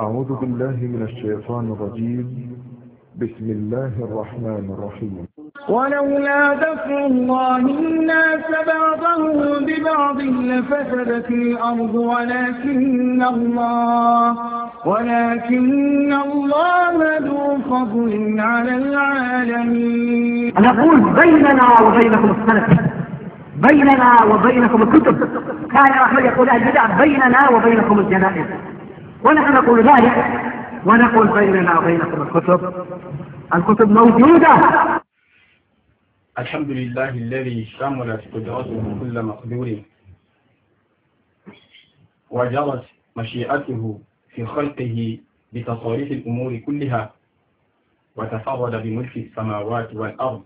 أعوذ بالله من الشيطان الرجيم بسم الله الرحمن الرحيم ولولا دفع الله الناس بعضهم ببعض لفسدت الأرض ولكن الله ولكن الله ذو فضل على العالمين نقول بيننا وبينكم السلف بيننا وبينكم الكتب كان أحمد يقول أهل بيننا وبينكم الجنائز ونحن نقول ذلك ونقول بيننا وبينكم الكتب الكتب موجودة الحمد لله الذي شملت قدرته كل مقدور وجرت مشيئته في خلقه بتصاريف الأمور كلها وتفرد بملك السماوات والأرض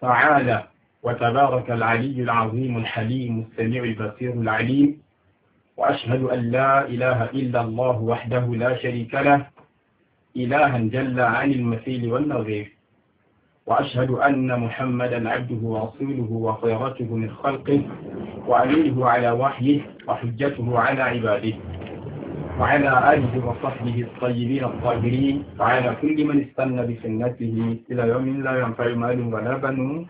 تعالى وتبارك العلي العظيم الحليم السميع البصير العليم وأشهد أن لا إله إلا الله وحده لا شريك له إلها جل عن المثيل والنظير وأشهد أن محمدا عبده ورسوله وخيرته من خلقه وأمينه على وحيه وحجته على عباده وعلى آله وصحبه الطيبين الطاهرين وعلى كل من استنى بسنته إلى يوم لا ينفع مال ولا بنون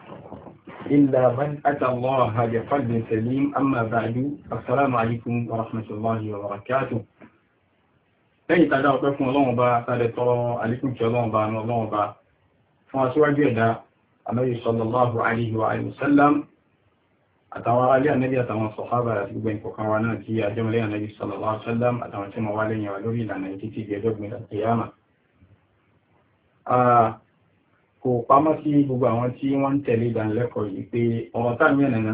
إلا من أتى الله بقلب سليم أما بعد السلام عليكم ورحمة الله وبركاته lẹ́yìn tàdá ọpẹ́ fún ọlọ́run bá tàdẹ̀ tọrọ àlékún kí ọlọ́run bá ní ọlọ́run bá fún aṣíwájú ẹ̀dá anáyí sallallahu alayhi wa sallam àtàwọn aráalé anáyí àtàwọn sọ̀hábà àti gbogbo ìkọ̀kan wa náà tí ajẹ́mọ̀lẹ́ anáyí sallallahu alayhi wa sallam àtàwọn tí wọ́n wá lẹ́yìn wa lórí ìlànà ìtìtì ìgbẹ́jọ́gbìn àti yàmà kò pamọ́ sí gbogbo àwọn tí wọ́n ń tẹ̀lé ìdánilẹ́kọ̀ọ́ yìí pé ọ̀rọ̀ táàmì ẹ̀nàná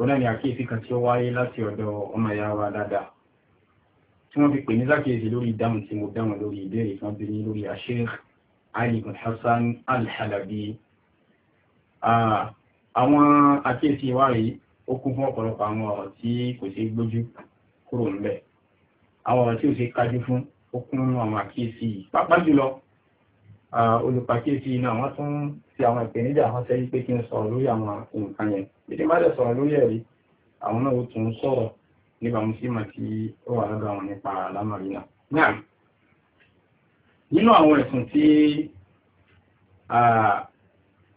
ọ̀nà ni àkíyèsí kan tí ó wáyé láti ọ̀dọ̀ ọmọ ìyá wa dáadáa tí wọ́n fi pè ní lákèyèsí lórí ìdáhùn tí mo dáhùn lórí ìbéèrè kan bí ní lórí Sheikh Ali bin Hasan al-Halabi àwọn àkíyèsí wa rèé ó kún fún ọ̀pọ̀lọpọ̀ àwọn ọ̀rọ̀ tí kò ṣeé gbójú kúrò ńbẹ̀ àwọn ọ̀rọ̀ tí ò ṣeé kájú fún ó kún nínú àwọn àkíyèsí pàápàá jùlọ olùpàkíyèsí iná wọ́n tún ti àwọn ìpèníjà wọ́n sẹ́yí pé kí n sọ̀rọ̀ lórí àwọn nǹkan yẹn èdè má dẹ̀ sọ̀rọ̀ lórí ẹ̀rí àwọn náà ó tún sọ̀rọ̀ níbàámu sí mà tí ó wà lọ́dọ̀ àwọn nípa lámàrí náà nínú àwọn ẹ̀sùn tí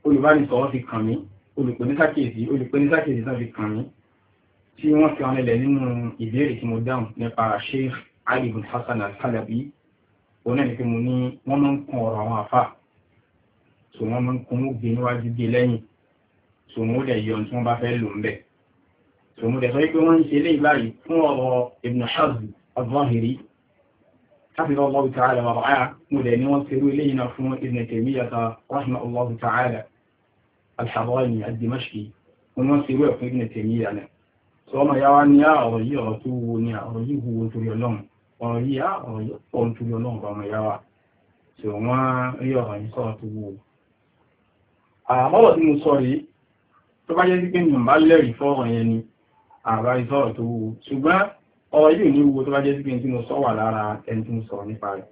olùbánisọ̀rọ̀ fi kàn mí olùpẹ̀nísàkèsí olùpẹ̀nísàkèsí náà fi kàn mí tí wọ́n fi ọ̀nà ilẹ̀ nínú ìbéèrè tí mo dáhùn nípa Sheikh Ali bin Hassan al-Halabi òun náà ni pé mo ní wọ́n máa ń kan ọ̀rọ̀ àwọn àfà tò wọ́n máa ń kún ó gbé níwájú gbé lẹ́yìn tò wọ́n ó yọ tí wọ́n bá fẹ́ lò ń bẹ̀ tò wọ́n dẹ̀ sọ pé wọ́n ń ṣe léyìí báyìí fún ọ̀rọ̀ Ibn Hazm al-Zahiri حفظ الله تعالى ورعاه مدين وانصروا إلينا فن ابن تيمية رحمه الله تعالى الحضاني الدمشقي وانصروا ابن تيمية سوما يوان يا أريه رتوني أريه وتريلون ọ̀rọ̀ yìí á ah, ọ̀rọ̀ yìí pọ̀ ń túbọ̀ náà bá ọmọ ìyá wa tí wọ́n rí ọ̀rọ̀ yìí sọ̀rọ̀ tó wù ú. àmọ́bọ̀ tí mo sọ rèé tó bá jẹ́ sí pé nìyàn bá lẹ́rìí fọ́rọ̀ yẹn ni àbá ìsọ̀rọ̀ tó wù ú ṣùgbọ́n ọ̀rọ̀ yìí ò ní wúwo tó bá jẹ́ sí pé tí mo sọ wà lára ẹni tí mo sọ̀rọ̀ nípa rẹ̀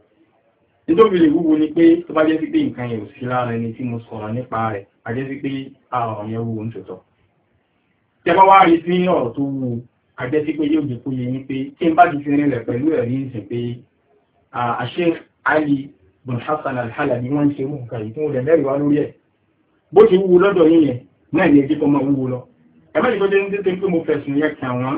nítorí lè wúwo ni pé tó bá jẹ́ sí pé nǹkan yẹn ò sí lára ẹni tí mo sọ̀rọ̀ nípa rẹ̀ a jẹ́ sí pé àrọ̀ ah, yẹn wúwo ń tòótọ́ tẹ́ bá wá rí sí ọ̀rọ̀ tó wúwo àjẹ́sí pé yóò jẹ́ kó yẹ yín pé tí n bá ti fi rinlẹ̀ pẹ̀lú ẹ̀rí ìsìn pé Sheikh Ali bin Hassan al-Halabi wọ́n ń ṣe wù kàyí tí wọ́n lè mẹ́rin wá lórí ẹ̀ bó ti wúwo lọ́dọ̀ yín yẹn náà ní ẹjẹ́ kọ́ máa wúwo lọ ẹ̀mẹ́ ìkọ́ jẹ́ ní pé mo fẹ̀sùn yẹn kàn wọ́n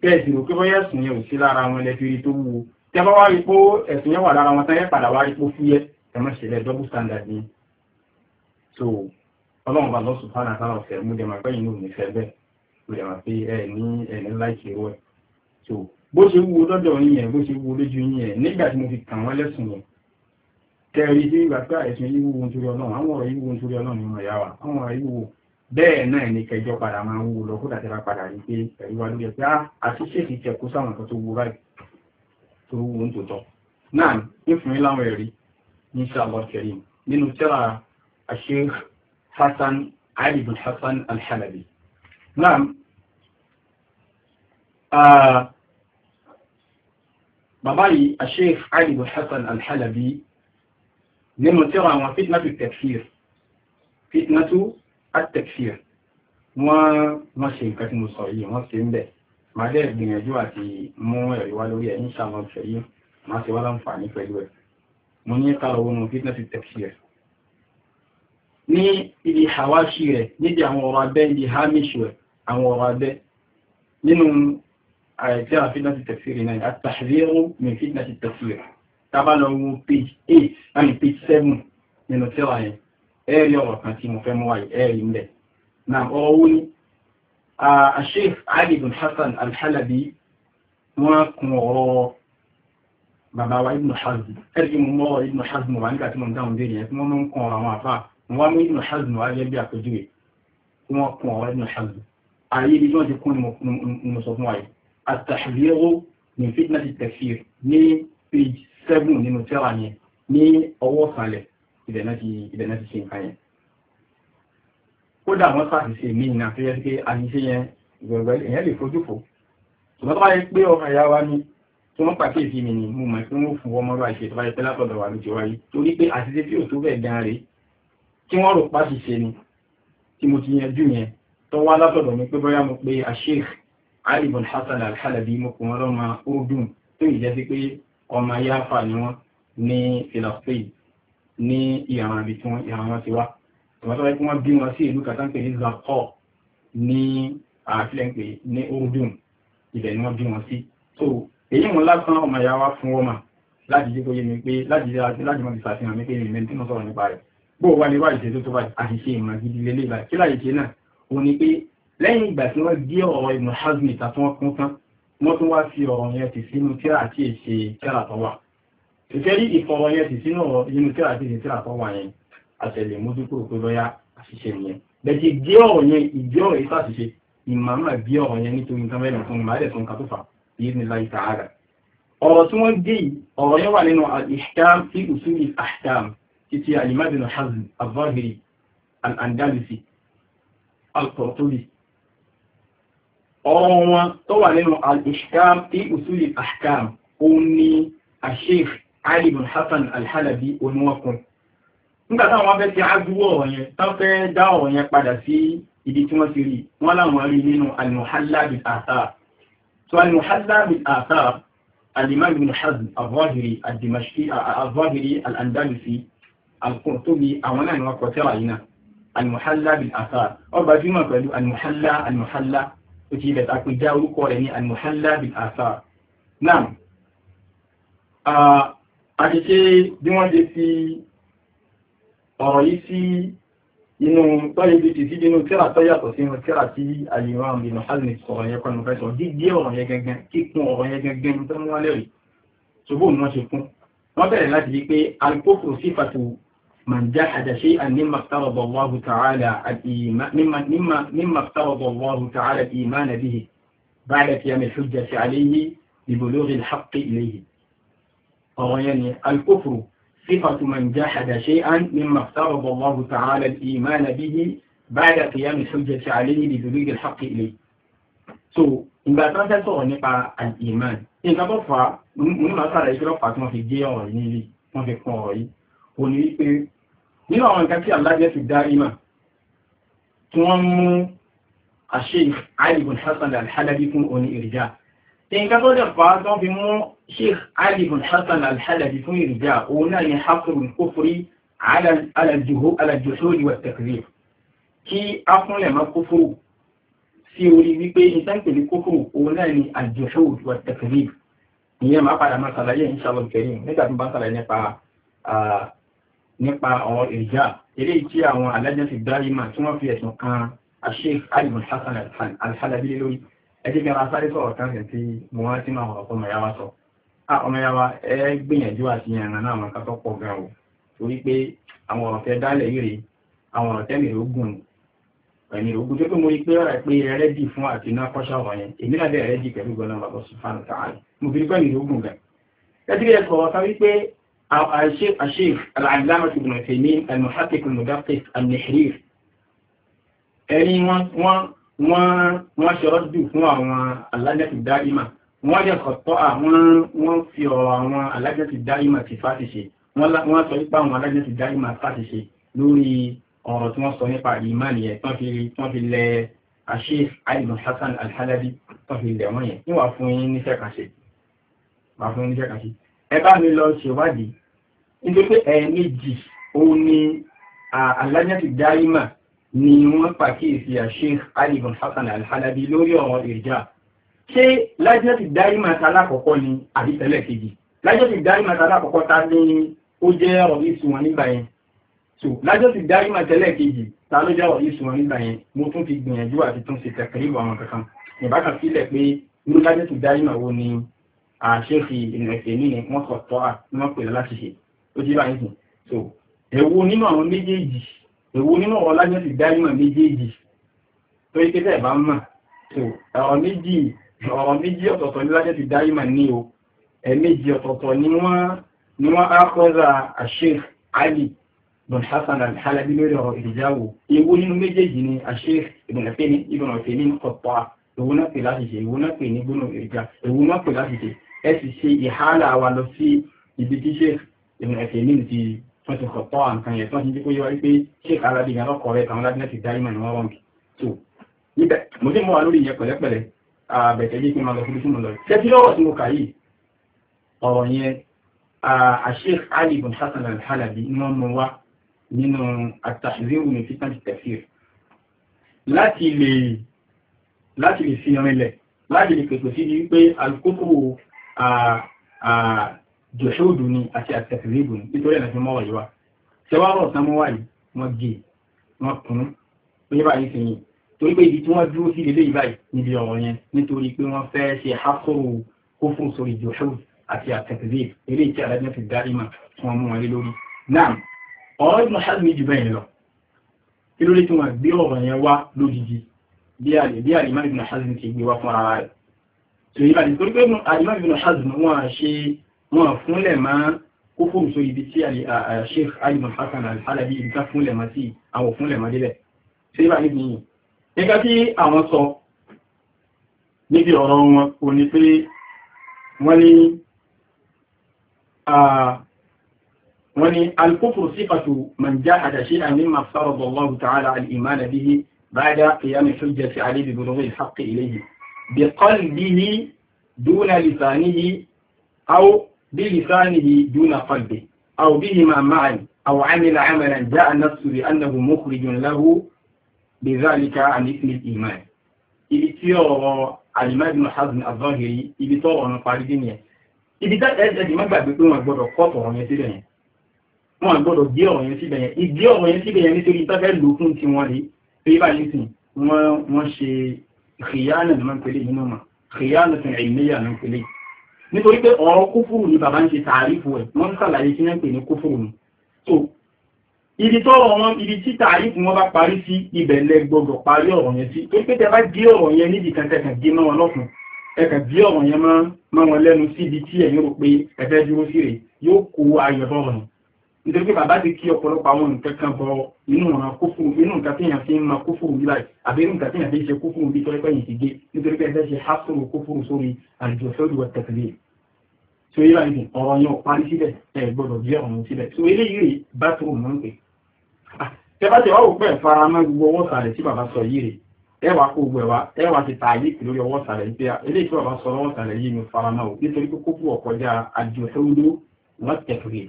pé ẹ̀sìn rò pé bóyá ẹ̀sùn yẹn ò sí lára wọn lẹ fi rí tó wúwo tẹ́ bá wá rí pó ẹ̀sùn yẹn wà lára wọn tán yẹn padà wá rí pó fúyẹ́ ẹ̀mọ́ ìṣẹ̀lẹ̀ rẹ̀ wá pé ẹ ní ẹni láìsí rẹ̀ so bó ṣe wúwo lọ́dọ̀ yín yẹn bó ṣe wúwo lójú yín yẹn nígbà tí mo fi kàn wọ́n lẹ́sùn yẹn kẹrí sí ìgbà pé ẹ̀sùn yìí wúwo nítorí ọlọ́run àwọn ọ̀rọ̀ yìí wúwo nítorí ọlọ́run nínú ẹ̀yà wa àwọn ọ̀rọ̀ yìí wúwo bẹ́ẹ̀ náà ni kẹjọ padà máa wúwo lọ kó dàtẹ́ra padà rí pé ẹ̀rí wa ló ah, yẹ Ah, bàbá yìí asheikh ali bin hasan alhalabi nínú tírà àwọn fitnatu tafsir fitnatu at-tafsir wọ́n wọ́n ṣe nǹkan tí mo sọ yìí wọ́n ṣe ń bẹ̀ máa dẹ́ gbìyànjú àti mú ẹ̀rí wá lórí ẹ̀yìn ṣàwọn ọ̀fẹ́ yìí máa ṣe wá láǹfààní pẹ̀lú ẹ̀ mo ní kára owó nu fitnatu tafsir ní ibi hawashi rẹ̀ níbi àwọn ọ̀rọ̀ abẹ́ ibi hamish rẹ̀ àwọn ọ̀rọ̀ abẹ́ nínú àìjẹ́ fitnati tafsiri náà àtàṣírò ní fitnati tafsiri tábàlọ wo page 8 àmì page 7 nínú tírà yẹn ẹ̀rí ọ̀rọ̀ kan tí mo fẹ́ mú wáyé ẹ̀rí ń bẹ̀ na ọ̀rọ̀ wo ni Sheikh Ali bin Hassan al-Halabi wọ́n kun ọ̀rọ̀ bàbá wa Ibn Hazm ẹ̀rí mo mọ́ Ibn Hazm wà nígbà tí mo ń dáhùn béèrè yẹn tí wọ́n mọ́ ń kun ọ̀rọ̀ àwọn àfà wọ́n mú Ibn Hazm wá gẹ́gẹ́ bí àpèjúwe wọ́n kun ọ̀rọ̀ Ibn Hazm ààyè ibi tí wọ́n ti kún ni mo sọ fún wa yìí àtàṣìlérò ní fitna ti tafsir ní page seven nínú tẹ́ra yẹn ní ọwọ́ sàlẹ̀ ibẹ̀ náà ti ṣe nǹkan yẹn kódà wọ́n sàṣìṣe mí náà tó yẹ pé àṣìṣe yẹn ìgbẹ̀gbẹ̀ èèyàn lè fojú fò ṣùgbọ́n tó bá yẹ pé ọkàn ìyá wa ní tí wọ́n pàkíyèsí mi ni mo mọ̀ pé wọ́n fún ọmọ bá ṣe tó bá yẹ pé látọ̀dọ̀ wà ló ti wáyé torí pé àṣìṣe tí ò tó gan rèé tí wọ́n rò pàṣìṣe ni tí mo ti yanjú yẹn tó wá látọ̀dọ̀ mi pé bóyá mo pe àṣírí alibun hasan alhalabi mọ́kùn ọlọ́mọ odun tó ìjẹ́ sí pé ọmọ yafa ni wọ́n ní philosophy ní ìyàwó àbí tí wọ́n ìyàwó wọn ti wá tòmọ́tò wáyé kí wọ́n bí wọn sí ìlú kàtàǹpé ní zakor ní àfilẹ́ǹpé ní odun ibẹ̀ ni wọ́n bí wọn sí so èyí wọn lásán ọmọ ìyá wa fún ọmọ láti jẹ́ kó mi pé láti jẹ́ láti mọ̀ ìfàfihàn mi pé lẹ́yìn ìgbà tí wọ́n gé ọ̀rọ̀ Ibn Hazm ìta tí wọ́n kún tán wọ́n tún wá fi ọ̀rọ̀ yẹn ti sínú tíra àti èṣe tíra tó wà ìfẹ́rí ìfọ̀rọ̀ yẹn ti sínú ọ̀rọ̀ inú tíra àti èṣe tíra tó wà yẹn àtẹ̀lẹ̀ mójú kúrò pé lọ́yà àṣìṣe nìyẹn bẹ̀tì gé ọ̀rọ̀ yẹn ìgbé ọ̀rọ̀ yìí fàṣìṣe ìmàmà gé ọ̀rọ̀ yẹn nítorí nǹkan mẹ́rin fún màálẹ̀ fún katúfà yìí ní ọ̀rọ̀ tí wọ́n gé ọ̀rọ̀ yẹn wà nínú al-ihkam fi usul títí al-imam ibn Hazm al andalusi al-qurtubi ọ̀rọ̀ wọn tó wà nínú al-ishkam tí usuli ahkam ó ní asheikh ali bin hasan al-halabi oníwọ̀kùn nígbà táwọn afẹ́ ti ágbúwọ̀ ọ̀rọ̀ yẹn tán fẹ́ dá ọ̀rọ̀ yẹn padà sí ibi tí wọ́n ti rí wọ́n láwọn rí nínú al-muhalla bil athar so al-muhalla al-imam athar tó ti ilẹ̀ àpèjá orúkọ rẹ̀ ní almuhalla bil asar náà àṣìṣe bí wọ́n ṣe fi ọ̀rọ̀ yìí sí inú tọ́lẹ̀ bí ti sí inú tíra tó yàtọ̀ sí inú tíra tí àyíwá ọ̀rọ̀ ìnú hálì sọ̀rọ̀ yẹn kọ́nù fẹ́ sọ dídí ọ̀rọ̀ yẹn من جحد شيئا مما افترض الله تعالى الإيمان مما, مما, مما افترض الله تعالى الإيمان به بعد قيام الحجة عليه ببلوغ الحق إليه يعني الكفر صفة من جحد شيئا مما افترض الله تعالى الإيمان به بعد قيام الحجة عليه ببلوغ الحق إليه so in ti tí wọ́n fẹ́ sọ̀rọ̀ the al-iman in the fà á mo ní màá sàrẹ̀ ìṣúra pàtó the fi gé ọ̀rọ̀ yìí wọ́n fi nínú àwọn nǹkan tí alájẹ́ fi dá ìmá tí wọ́n mú Sheikh Ali ibn Hassan al-Halabi fún oní ìrìjá tí nǹkan tó dẹ̀ fà tó fi mú Sheikh Ali ibn Hassan al-Halabi fún ìrìjá òun náà ni hafrul kufri alàjòhóri wa takzir kí a fúnlẹ̀ má kúfúrù sí orí wípé ìsáǹkìlì kúfúrù òun náà ni alàjòhóri wa ìyẹn máa padà máa sàlàyé inshallah karim nígbà tó bá sàlàyé nípa nípa ọ̀rọ̀ ìjà eléyìí tí àwọn alájẹ́sì dáríma tí wọ́n fi ẹ̀sùn kan Sheikh Ali bin Hasan al-Halabi lórí ẹjẹ́ kí ara sáré sọ̀rọ̀ kan rẹ̀ tí mo wá sí máa ọ̀pọ̀ ọmọ yàwá sọ ọmọ yàwá ẹ gbìyànjú àti ìyànnà náà wọn kátó pọ̀ gan o torí pé àwọn ọ̀rọ̀ tẹ dálẹ̀ yìí rèé àwọn ọ̀rọ̀ tẹ́mi ogun ẹ̀mí ogun tó pé mo rí pé ọ̀rọ̀ pé ẹrẹ́dì fún àti iná kọ́ṣà ọ̀rọ̀ yẹn èmi náà bẹ̀rẹ̀ ẹrẹ́dì pẹ̀lú gbọ́dọ̀ bàbá sùfàánù tààrí mo fi rí pẹ̀lú ogun gan. ẹ ti الشيخ الشيخ العلامة ابن عثيمين المحقق المدقق النحرير ẹni wọ́n ṣe rọ́dù fún àwọn alájẹ́tì dáìmà wọ́n jẹ́ kọ̀tọ́ àwọn wọ́n fi ọ̀rọ̀ àwọn alájẹ́tì dáìmà ti fásitì wọ́n sọ nípa àwọn alájẹ́tì dáìmà fásitì lórí ọ̀rọ̀ tí wọ́n sọ nípa ìmáàlì ẹ̀ tán fi lẹ Sheikh Ali bin Hassan al-Halabi tán fi lẹ̀ wọ́n yẹn níwà fún yín níṣẹ́ kàṣe ẹ bá mi lọ ṣèwádìí nítorí pé ẹ̀ẹ̀mejì òun ni alájẹ́tì dárímà ni wọ́n pàkíyèsí Sheikh Ali bin Hasan al-Halabi lórí ọ̀rọ̀ ìrìjà ṣé lájẹ́tì dárímà talákọ̀ọ́kọ́ ni àbí tẹ́lẹ̀ kejì lájẹ́tì dárímà talákọ̀ọ́kọ́ ta ni ó jẹ́ ọ̀rọ̀ ìsùn wọn nígbà yẹn so lájẹ́tì dárímà tẹ́lẹ̀ kejì ta ló jẹ́ ọ̀rọ̀ ìsùn wọn nígbà yẹn mo tún ti gbìyànjú àti tún ṣe tẹ̀kẹ́rì àwọn kankan ìbákan sílẹ̀ pé irú lájẹ́tì dárímà wo ni àṣẹ́fì ìrìnẹ̀fẹ̀ ní wọ́n kọ̀ tọ́ à ní wọ́n pèlú láti ṣe ó ti báyìí sùn so èwo nínú àwọn méjèèjì èwo nínú ọ̀la jẹ́ ti dá ìmọ̀ méjèèjì tó yẹ kẹ́tẹ́ bá mọ̀ so ọ̀rọ̀ méjì ọ̀rọ̀ méjì ọ̀tọ̀ọ̀tọ̀ ní lájẹ́ ti dá ìmọ̀ ní o ẹ̀ẹ̀méjì ọ̀tọ̀ọ̀tọ̀ ni wọ́n ni wọ́n á kọ́ra àṣẹ́f Ali ibn Hasan al lórí ọ̀rọ̀ ìdíjáwó èwo nínú méjèèjì ni àṣẹ́f ibn ní ibn ní kọ̀tọ́ à náà pè láti ṣe èwo náà pè ní gbóná ìrìjà èwo náà pè láti ṣe ẹ sì ṣe ìhálà wa lọ sí ibi tí sheikh ibn Uthaymeen ti wọ́n ti kọ̀tọ́ àǹkan yẹn tó ń jí kó yẹ wá wípé sheikh alábi gan lọ́kọ̀ rẹ̀ tàwọn lábínẹ́ ti dárímọ̀ ni wọ́n rọ̀ mí níbẹ̀ mo sì mú wa lórí ìyẹn pẹ̀lẹ́pẹ̀lẹ́ àbẹ̀tẹ̀ yìí pé máa lọ síbi tí mo lọ ṣé tí lọ́rọ̀ tí mo kà yìí ọ̀rọ̀ yẹn sheikh ali ibn hasan al-halabi ni wọ́n mú wa nínú àtàṣíríwù ní fífà ti tafsir láti lè láti lè fi rinlẹ̀ láti lè pèsè sí wípé alukókòwò jòṣòdù ni àti àtẹ̀síríbù ni nítorí ẹ̀nà fi mọ́ wọ̀nyí wa ṣẹwárọ̀ sánmọ́ wà yìí wọ́n gé wọ́n kún ní báyìí sì yìn torí pé ibi tí wọ́n dúró sí lélẹ́yìí báyìí níbi ọ̀rọ̀ yẹn nítorí pé wọ́n fẹ́ ṣe hákòrò kófún sórí jòṣòdù àti àtẹ̀síríbù eléyìí tí alájọ́ fi dá ìmọ̀ tí wọ́n mú wọn lé lórí náà ọ̀rọ̀ ìmọ̀ ṣáàbì tòyí bá nítorí pé alimami bin hazm wọn ṣe wọn fúnlẹ̀ máa kó fóòmù sórí ibi tí sheikh ali bin hasan al-halabi ibi ká fúnlẹ̀ máa sí àwọn fúnlẹ̀ máa délẹ̀ tòyí bá ba'da qiyam hujjati alayhi bi-bulughi al-haqqi ilayhi بقلبه دون لسانه أو بلسانه دون قلبه أو بهما معا أو عمل عملا جاء النفس بأنه مخرج له بذلك عن اسم الإيمان ibi tí ọ̀rọ̀ alimadi muhammad azahiri ibi tọ́rọ̀ ọ̀nà parí dé nìyẹn ibi tá ẹ̀ẹ́dẹ̀dì má gbàgbé pé wọ́n gbọ́dọ̀ kọ́tọ̀ ọ̀rọ̀ yẹn síbẹ̀ yẹn wọ́n gbọ́dọ̀ gbé ọ̀rọ̀ yẹn síbẹ̀ yẹn ìgbé ọ̀rọ̀ yẹn síbẹ̀ yẹn nítorí tọ́fẹ́ lòókùn tí wọ́n rí pé báyìí sìn wọ́n ṣe kìyánà ni wọ́n pèlè nínú mà kìyánà tún ìmíyà ni wọ́n pèlè nítorí pé ọ̀rọ̀ kúfùrù ni bàbá ń ṣe tààrífù ẹ̀ wọ́n sàlàyé kí wọ́n pè ní kúfùrù ni so ibi tọ́rọ̀ wọn ibi tí tààrífù wọn bá parí sí ibẹ̀ lẹ gbọdọ̀ parí ọ̀rọ̀ yẹn sí torí pé tẹ bá gé ọ̀rọ̀ yẹn níbi kan tẹkàn gé mọ́ wọn lọ́fun ẹkàn gé ọ̀rọ̀ yẹn mọ́ wọn lẹ́nu síbi tí ẹ̀yin rò pé ẹ̀fẹ́ dúró sí rè yóò kó ayọ̀ bọ́ọ̀rọ̀ nítorí pé bàbá ti kí ọ̀pọ̀lọpọ̀ àwọn nǹkan kan bọ inú ọ̀ràn kúfùrù inú nǹkan tí èèyàn fi ń ma kúfùrù bí láì àbí inú nǹkan tí èèyàn fi ń ṣe kúfùrù bí tọ́lẹ́pẹ́ yìí ti gé nítorí pé ẹ̀fẹ́ ṣe hásùrù kúfùrù sórí àjọ sórí wọ́n tẹ̀lé so yíra ìdí ọ̀rọ̀ yẹn ò parí síbẹ̀ ẹ gbọ́dọ̀ jẹ́ ọ̀run síbẹ̀ so eléyìí rè bá tó mọ̀ ń pè ah, tẹ bá tẹ wá òpẹ́ faramọ́ gbogbo ọwọ́ sàlẹ̀ tí bàbá sọ yìí rè ẹ wàá kó gbogbo ẹ wá ẹ wàá ti ta ayé pẹ̀lú ọwọ́ sàlẹ̀ yìí ah, eléyìí tí bàbá sọ ọwọ́ sàlẹ̀ yìí ni faramọ́ o nítorí pé kókó ọ̀kọ́jà àjọ ẹ̀wúdó wọ́n tẹ̀lé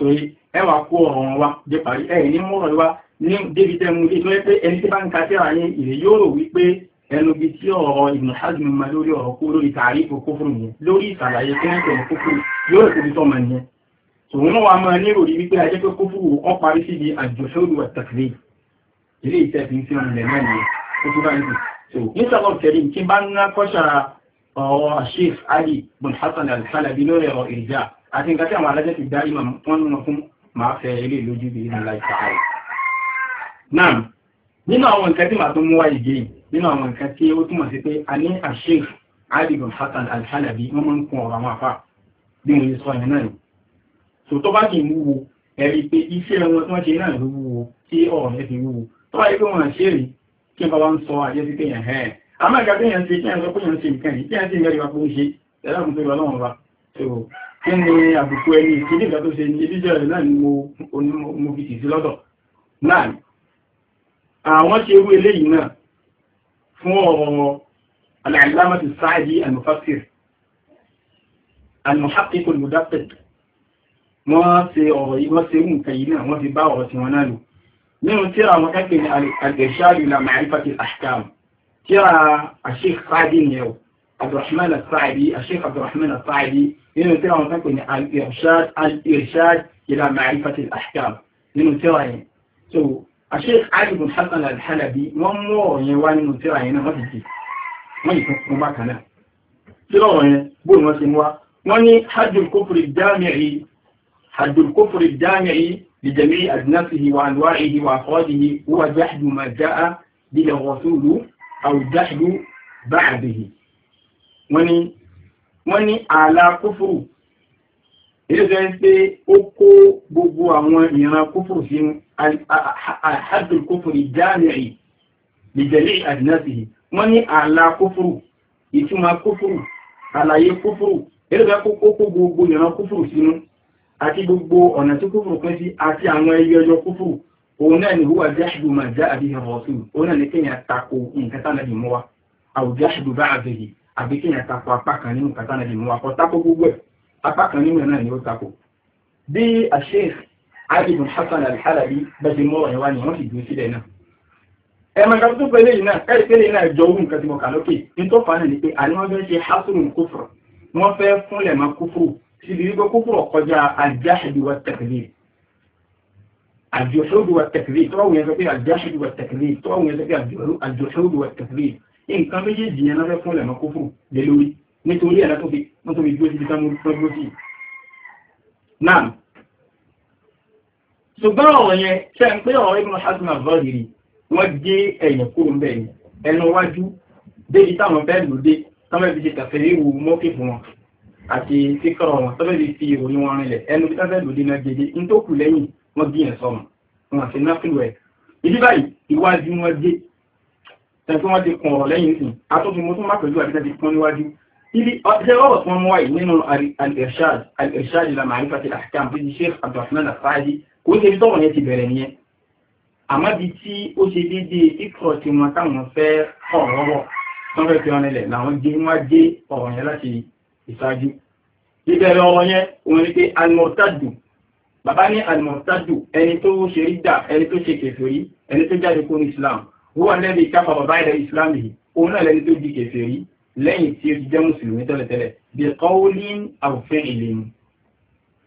torí ẹwà kó ọ̀rọ̀ wa jẹ́ parí ẹ̀ ní mọ́rọ̀ wa ní débi tẹ́mu ilé tó yẹ pé ẹni tí bá ń ka sí àárín ìrè yóò rò wípé ẹnu bí tí ọ̀rọ̀ ìmọ̀ hajj ma lórí ọ̀rọ̀ kó lórí tààrí kò kófòrò yẹn lórí ìsàlàyé tó ń tẹ̀wọ̀ kófòrò yóò rò kóbi tọ́mọ yẹn tòun náà wà máa nírò rí wípé ajẹ́ pé kófòrò ọ parí síbi àjọṣọ́rù àtàkìrí ilé ìtẹ́ fi ń fi ọ̀nà lẹ́nà yẹn tó tó bá ń sùn ní àti nǹkan tí àwọn alájẹ́ ti dá ìmọ̀ wọ́n nínú fún máa fẹ́ ilé lójú bí inú láìka rẹ̀. náà nínú àwọn nǹkan tí màá tó mú wá ìgbé nínú àwọn nǹkan tí ó túmọ̀ sí pé a ní àṣeyf adigun fatan alhalabi wọ́n máa ń kun ọ̀rọ̀ àwọn àfà bí mo sọ yẹn náà so tó bá kì í wúwo ẹ̀rí pé iṣẹ́ wọn tí wọ́n ṣe náà ló wúwo tí ọ̀rọ̀ yẹn fi wúwo tó bá yẹ pé wọ́n ṣe rí kí n bá wa ń sọ àyẹ́ sí pé yẹn hẹ́ẹ̀ àmọ́ ìgbà tó yẹn ṣe kí yẹn sọ pé yẹn ṣe nǹkan yìí kí yẹn sì mẹ́rin wa pé ó ṣe ẹ̀rọ kí ni àbùkù ẹni ìkíní ìgbà tó ṣe ní iléjọ́ rẹ̀ náà ni mo fi tìsí lọ́dọ̀ náà àwọn ṣe irú eléyìí náà fún ọ̀rọ̀ aláìlámàtí sáàdì almufassir almuhaqqiq almudabbir wọ́n ṣe ọ̀rọ̀ yìí wọ́n ṣe irú nǹkan yìí náà wọ́n fi bá ọ̀rọ̀ tí wọ́n náà lò nínú tí àwọn kẹ́kẹ́ nínú tí àwọn tán pè ní al-irshad ila ma'rifati nínú tí wà yẹn so Sheikh Ali bin Hasan al-Halabi wọ́n mú ọ̀rọ̀ yẹn wá nínú tí wà yẹn náà wọ́n ti wọ́n yìí fún bákan náà tí lọ́rọ̀ yẹn wọ́n ti wọ́n ní hajjul kufri jami'i hajjul kufri أجناسه وأنواعه وأفراده هو جحد ما جاء أو جحد بعده wọ́n ní wọ́n ní ààlà kúfùrù èyí tó ń pé ó kó gbogbo àwọn ìran kúfùrù sínú àhádùn kúfùrù jáàmìrì lìjẹ̀lẹ̀ àdínàtì wọ́n ní ààlà kúfùrù ìtumà kúfùrù àlàyé kúfùrù èyí tó kó gbogbo ìran kúfùrù sínú àti gbogbo ọ̀nà tí kúfùrù pín sí àti àwọn ẹyẹ ọjọ́ kúfùrù òun náà ni huwa jáàdù máa já àbíhẹ̀ rọ̀ọ̀sùn òun náà ni kéèyàn tako nǹkan tánàbì mọ́wa àwùjáàdù bá àbẹ̀yẹ̀ àbí kí èèyàn tako apá kan nínú kàtà nàbí mú akọ tako gbogbo ẹ̀ apá kan nínú náà ni ó tako bí Sheikh Ali bin Hasan al-Halabi bẹ́ẹ̀ ti mú ọ̀rọ̀ yẹn wá ni wọ́n sì dúró sílẹ̀ náà ẹmọ ìgbà tó pẹ̀lẹ́ yìí náà ẹ̀rì pẹ̀lẹ́ náà jọ ohun nǹkan tí mo kà lókè ní tó fa náà ni pé àníwọ́n fẹ́ ṣe hásùrùn kúfùrù wọ́n fẹ́ fúnlẹ̀ máa kúfùrù sí ibi wípé kúfùrù kọjá àjáṣẹ́bí wa tẹ̀kìlì àjọṣẹ́bí wa tẹ̀kìlì nǹkan méjèèjì yẹn lábẹ́ fún lẹ̀mọ́ kófò lè lórí nítorí ẹ̀dá tó fi wọ́n tó fi gbé síbi táwọn olùsọ́gbó sí náà ṣùgbọ́n ọ̀rọ̀ yẹn ṣe ń pé ọ̀rọ̀ ibùn hassan al-zahiri wọ́n gé ẹ̀yìn kúrò ńbẹ̀ yẹn ẹnu wájú débi táwọn fẹ́ lòdé tọ́mẹ́ fi ṣe tàfẹ́ ìwò mọ́kì fún wọn àti síkọ̀rọ̀ wọn tọ́mẹ́ fi fi ìròyìn wọn rinlẹ̀ ẹnu bí táfẹ́ lòdé náà gèdè ní lẹ́yìn wọ́n gbìyànjú sọ̀rọ̀ wọn àti náfìlú ẹ̀ ìdí ìwájú wọn gé tẹ́kí wọ́n ti kùn ọ̀rọ̀ lẹ́yìn ìsìn àtúntò mo tún má pẹ̀lú àbíta ti kún níwájú ibi ọ̀tẹ́ ọ̀rọ̀ tí wọ́n mú wáyé nínú al-irshad ila ma'rifati al-ahkam bí i sheikh abdulrahman al-fahdi kò ṣe tọ́wọ̀ yẹn ti bẹ̀rẹ̀ nìyẹn àmọ́ bí tí ó ṣe déédéé ikọ̀ tí wọn táwọn fẹ́ ọ̀rọ̀ rọ̀ tán fẹ́ fi ọ̀rẹ́lẹ̀ làwọn gé wá gé ọ̀rọ̀ yẹn láti ìṣáájú ìbẹ̀rẹ̀ ọ̀rọ̀ yẹn òun ni pé al-murtaddu bàbá ní al-murtaddu ẹni tó ṣe rí dà ẹni tó ṣe kèfèrí ẹni tó jáde wọ́n lẹ́bi kápá bàbá ilẹ̀ islam yìí òun náà lẹ́ni tó di kèfèrí lẹ́yìn tí ó ti jẹ́ mùsùlùmí tẹ́lẹ̀tẹ́lẹ̀ bí qawlin aw fi'lin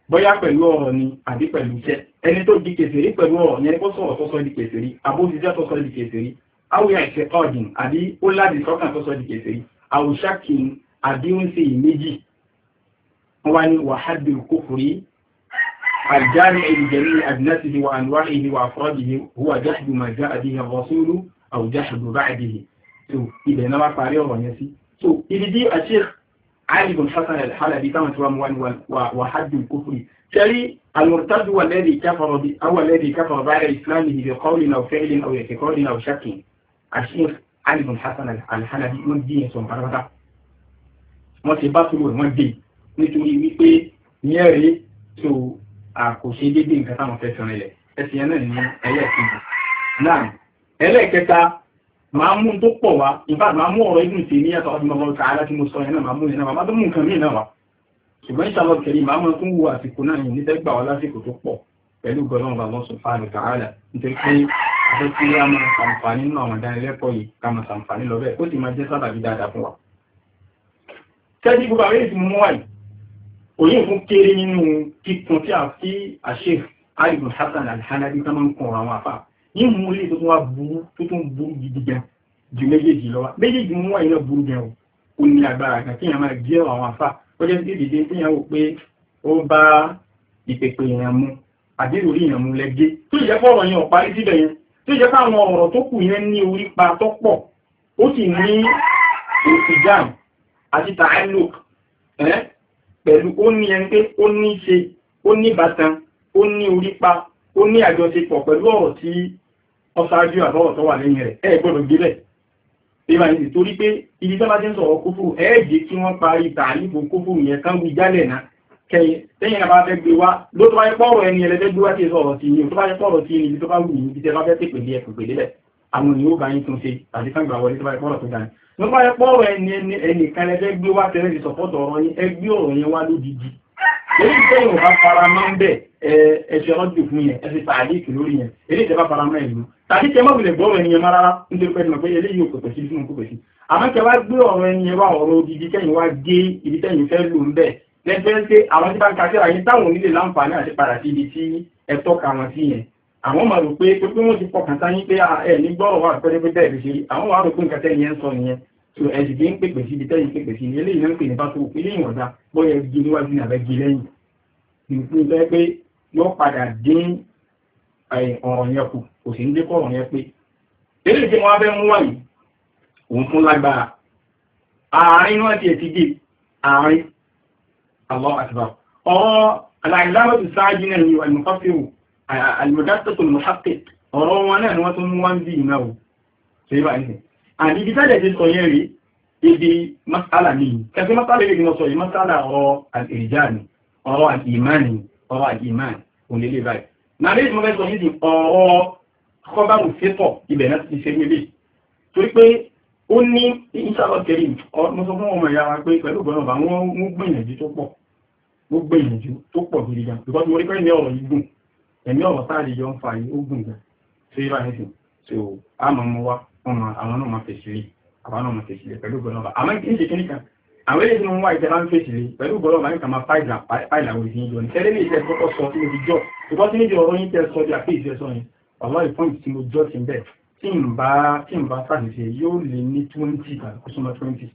bóyá pẹ̀lú ọ̀rọ̀ ni àbí pẹ̀lú iṣẹ́ ẹni tó di kèfèrí pẹ̀lú ọ̀rọ̀ yẹn kó sọ̀rọ̀ tó sọ di kèfèrí abóṣiṣẹ́ tó هو جسد kèfèrí awuya ìṣẹ́kọ̀ọ̀dìn àbí àwùjá ṣùgbọ́n báyìí so ibẹ̀ náà wá parí ọ̀rọ̀ yẹn sí so ibi bí àṣírí Ali bin Hasan al-Halabi táwọn tí wọ́n mú wá ní wàhádìí kúfùrì شري المرتد هو الذي كفر ب... هو الذي كفر بعد إسلامه بقول أو فعل أو اعتقاد أو شك الشيخ علي بن حسن الحنبي wọ́n dín ẹ̀sùn pátápátá wọ́n ti bá sùúrù wọ́n dín nítorí wípé ní ẹ̀rí tó àkòṣe déédéé nǹkan ẹlẹ́ẹ̀kẹta máa mú tó pọ̀ wá ìfà máa mú ọ̀rọ̀ ibùn tí ní ẹ̀tọ́ ọdún ọmọ ọ̀tà aláti mo sọ ẹ̀ náà máa mú ìnáwà máa tó mú nǹkan mí náà wá ṣùgbọ́n ìṣàlọ́ kẹrì máa mọ́ tún wo àsìkò náà yìí nígbà wá lásìkò tó pọ̀ pẹ̀lú gọlọ́run bàbá sọ fáàlù tààlà nítorí pé afẹ́ tí a máa sàǹfààní nínú àwọn ìdánilẹ́kọ̀ọ́ yìí ká máa sàǹfààní lọ bẹ́ẹ̀ ó sì yí mú lè tó tún wá burú tó tún burú gidi gan ju méjèèjì lọ méjèèjì mú àyínà burú gan o ó ní agbára kan kéèyàn máa jẹ́ àwọn afá ó jẹ́ sí ìdíje kéèyàn wò pé ó bá ìpèpè èèyàn mu àbí ìròrí èèyàn mu lẹ́gẹ́ tó jẹ́ pọ̀ ọ̀rọ̀ yẹn ò parí síbẹ̀ yẹn tó jẹ́ pé àwọn ọ̀rọ̀ tó kù yẹn ní orí pa tó pọ̀ ó sì ní ìtìjáàmù àti tààlù pẹ̀lú ó ní ẹni pé ó ní ṣe ó ní ìbátan ó ní orí pa ó ní àjọṣepọ̀ pẹ̀lú ọ̀rọ̀ tí ọ̀sáájú àbọ̀wọ̀ tó wà lẹ́yìn rẹ̀ ẹ gbọ́dọ̀ gbélẹ̀ ìmọ̀ ìdí torí pé ibi tó bá ti ń sọ̀rọ̀ kúfù ẹ̀ẹ́dì tí wọ́n parí tààlífò kúfù yẹn kan wí jálẹ̀ náà kẹyìn tẹ́yìn náà bá fẹ́ gbé wá ló tó bá yẹ pọ̀rọ̀ ẹni ẹlẹ́fẹ́ gbé wá sí sọ̀rọ̀ sí ni tó bá yẹ pọ̀rọ̀ sí ni tó bá wù ní títẹ́ bá fẹ́ pèpè lé ẹ̀kùn pèlé lẹ̀ àwọn ènìyàn ó bá yín tún ṣe àti fáńgbà wọlé tó bá yẹ pọ̀rọ̀ tó dání ló bá yẹ pọ̀rọ̀ ẹni ẹnìkan ẹlẹ́fẹ́ gbé wá tẹ́lẹ̀ ti sọ̀pọ̀tọ̀ ọ̀rọ̀ yín ẹgbẹ́ ọ̀rọ̀ yẹn wá lódìdí èyí tẹ́yìn bá fara máa ń bẹ̀ ẹ̀ṣẹ̀ ọdún fún yẹn ẹ̀ṣẹ̀ tààdíkì lórí yẹn èyí tẹ́ bá fara máa ìlú tàbí tẹ́ mọ́bìlẹ̀ gbọ́rọ̀ ẹni yẹn rárá nítorí pẹ́ẹ́nì pé eléyìí ò pẹ̀pẹ̀ sí sínú kò pẹ̀sí àmọ́ wá gbé ọ̀rọ̀ ẹni wá ọ̀rọ̀ odidi wá gé ibi so ẹ̀dìgbé ń pèpè sí ibi tẹ́yìn pèpè sí ilé iná ń pè ní pásítọ̀ ilé ìwọ̀nda bóyá gé níwájú ní àbẹ́gé lẹ́yìn nǹkan tó yẹ pé yóò padà dín ọ̀rọ̀ yẹn kù kò sì ń dé kọ́ ọ̀rọ̀ yẹn pé eléyìí tí wọ́n fẹ́ mú wáyé òun fún lágbára àárín náà ti ẹ̀tí gé àárín Allah àtìbá ọ̀rọ̀ aláìláwọ̀ tó sáájú náà ni alìmọ̀fáfíwò wọn náà àti ibi tẹ́lẹ̀ ti sọ yẹn rí ibi masala ni kẹfẹ́ masala lè mọ́ sọ yìí masala ọ̀rọ̀ àtìrìjá ni ọ̀rọ̀ àtìmáni ọ̀rọ̀ àtìmáni òlélé báyìí náà lè mọ́ fẹ́ sọ yìí ọ̀rọ̀ kọ́bárù fẹ́tọ̀ ibẹ̀ náà ti ṣe nílé torí pé ó ní ìṣàlọ̀ kẹrin mo sọ fún ọmọ ìyá wa pé pẹ̀lú ọgbọ̀n ọba wọn ń gbìyànjú tó because mo rí pé ní ọ̀rọ̀ yìí gùn ẹ̀mí ọ̀rọ̀ táàdì yọ ń fa yìí ó gùn gan ṣe é báyìí sí so a mọ̀ mọ́ wa àwọn náà máa fèsì lé àwọn náà máa fèsì lé pẹ̀lú gbọ́dọ̀ bá àmọ́ kí n ṣe kíníkan àwọn eléyìí ń wá ìjọba ń fèsì lé pẹ̀lú gbọ́dọ̀ bá nìkan máa fáìlà fáìlà òwe sí ìjọ nìkẹ́ lélẹ́yìí tẹ́ kọ́kọ́ sọ tí mo ti jọ ìkọ́ sí níbi ọ̀rọ̀ yín tẹ́ sọ bí àpéjì sọ yẹn ọ̀lọ́ ìpọ́ǹtì tí mo jọ ti ń bẹ̀ tí n bá tí n bá sàṣìṣe yóò lé ní twenty tàbí kó súnmọ́ twenty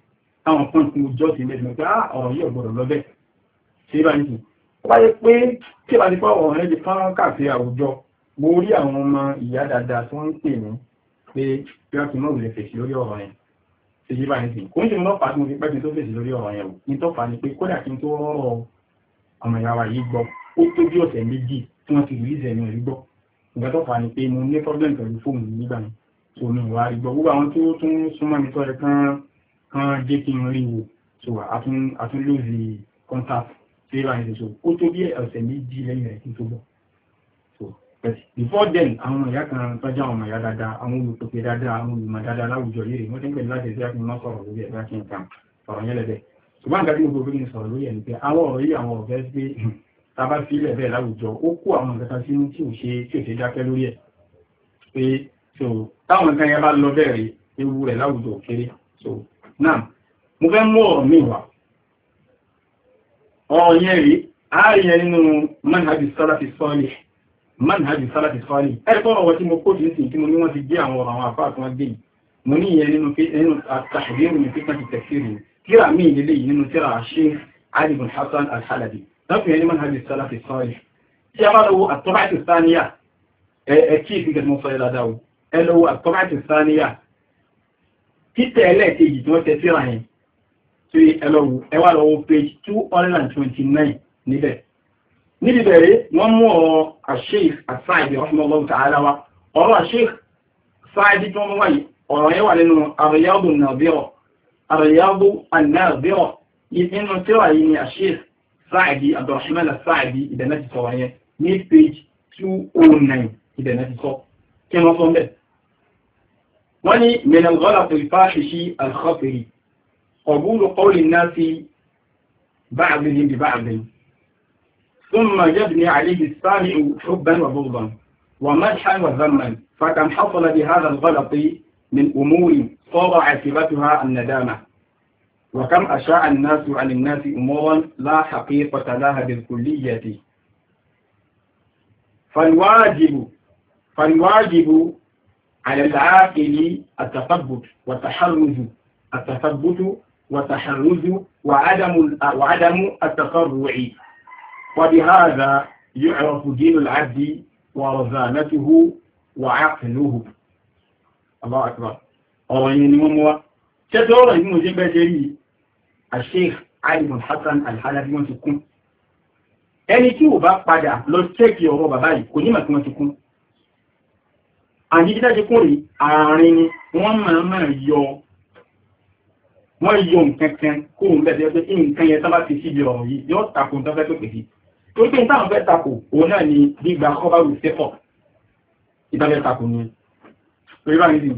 táwọn pọ́ǹtì tí mo jọ ti ń bẹ̀ ti mọ̀ pé ah ọ̀rọ̀ yìí ọ̀gbọ́dọ̀ lọ bẹ́ẹ̀ ṣé bá ń sìn wáyé pé tí ìbá ti fọ́ ọ̀rọ̀ rẹ̀ di fọ́nrán káàkiri àwùjọ mo rí àwọn pé bí wọ́n ti mọ́ òwúlẹ̀ fèsì lórí ọ̀rọ̀ yẹn ṣe yí báyìí sí kò ń ṣe mo lọ́pàá tí mo fi pẹ́ ti tó fèsì lórí ọ̀rọ̀ yẹn o ní tọ́pàá ni pé kódà kí n tó rọ́rọ̀ ọmọ ìyá wa yìí gbọ́ ó tó bí ọ̀sẹ̀ méjì tí wọ́n ti release ẹ̀mí rí gbọ́ ìgbà tọ́pàá ni pé mo ní problem pẹ̀lú fóònù nígbà yẹn so mi wá rí gbọ́ gbogbo àwọn tó tún súnmọ́ mi tọ́ ẹ kán kán jẹ́ kí n rí wò é báyìí so ó tó before then àwọn ìyá kan tọ́jú àwọn ọmọ ìyá dáadáa àwọn olùpèpè dáadáa àwọn olùmọ̀ dáadáa láwùjọ yìí rèé wọ́n ti ń pẹ̀lú láti ẹ̀sẹ̀ àfihàn máa sọ̀rọ̀ lórí ẹ̀dá kí n kàn sọ̀rọ̀ yẹn lẹ́bẹ̀ẹ́ ṣùgbọ́n nǹkan tí mo gbogbo ní sọ̀rọ̀ lórí ẹ̀ ní pé àwọn ọ̀rọ̀ yìí àwọn ọ̀fẹ́ pé tá bá fi ilẹ̀ bẹ́ẹ̀ láwùjọ ó kó àwọn nǹkan kan sínú tí ò ṣe tí ò ṣe dákẹ́ lórí ẹ̀ pé so táwọn nǹkan yẹn bá lọ bẹ́ẹ̀ ewu rẹ̀ láwùjọ kéré so now mo fẹ́ mú ọ̀rọ̀ mi wá ọ̀rọ̀ yẹn rí àárín yẹn nínú manhaj salafi salih manhaj salafi sọ́ọ̀lì ẹ̀tọ́rọ̀ wọ́n tí mo kó jùlọ sí tí mo ní wọ́n ti gbé àwọn ọ̀rọ̀ àwọn àfáà tó wọ́n gbé mo ní ìyẹn nínú àtàṣìlérù ní pípẹ́ ti tẹ̀síìrì tíra míì lélẹ̀ yìí nínú tíra ṣe Ali bin Hasan al-Halabi lọ́pìn ẹni manhaj salafi sọ́ọ̀lì tí a bá lọ́wọ́ àtọ́rọ̀ saniya ẹ kí ìfikẹ́ tí sọ yẹlá dáwọ́ ẹ níbi bẹ̀rẹ̀ wọ́n mú ọ̀rọ̀ àṣíf àsáìdì rahimahullahu ta'ala wa ọ̀rọ̀ àṣíf sáàdì tó wọ́n wáyé ọ̀rọ̀ yẹn wà nínú àríyábù nàbírọ̀ àríyábù ànàbírọ̀ inú tíra yìí ni àṣíf sáàdì abdurrahman sáàdì ìdẹ̀nà ti sọ̀rọ̀ yẹn ní page 209 ìdẹ̀nà ti sọ kí wọ́n sọ bẹ́ẹ̀ wọ́n ní mẹ́nà gọ́lá fìfáṣiṣi alkhafiri ọ̀gbúrú qawli náà fi báàbìnrin bí báàbìnrin ثم يبني عليه السامع حبا وبغضا ومدحا وذما فكم حصل بهذا الغلط من أمور صار عاقبتها الندامة وكم أشاع الناس عن الناس أمورا لا حقيقة لها بالكلية فالواجب فالواجب على العاقل التثبت والتحرز التثبت والتحرز وعدم وعدم التقرع وبهذا يعرف دين العبد ورزانته وعقله الله أكبر ọ̀rọ̀ yìí ni wọ́n mú wá tẹ́tẹ́ ọ̀rọ̀ yìí mú jẹ́ bẹ́ẹ̀ rí Sheikh Ali bin Hasan Al-Halabi wọ́n ti kún ẹni tí ò bá padà lọ tẹ́kì ọ̀rọ̀ bàbá yìí kò nímọ̀ tí wọ́n ti kún àyíkítà kún rí àárín ni wọ́n máa máa yọ wọ́n yọ nǹkan kan kóhun bẹ́ẹ̀ tẹ́ nǹkan yẹn tán ti síbi ọ̀rọ̀ yìí yọ́ takùn tán pẹ̀pẹ̀ sí tó pé fẹ́ takò òun náà ni gbígba kọ́bárù sẹ́fọ̀ ìbálẹ̀ takò ni pẹ̀lú àìsí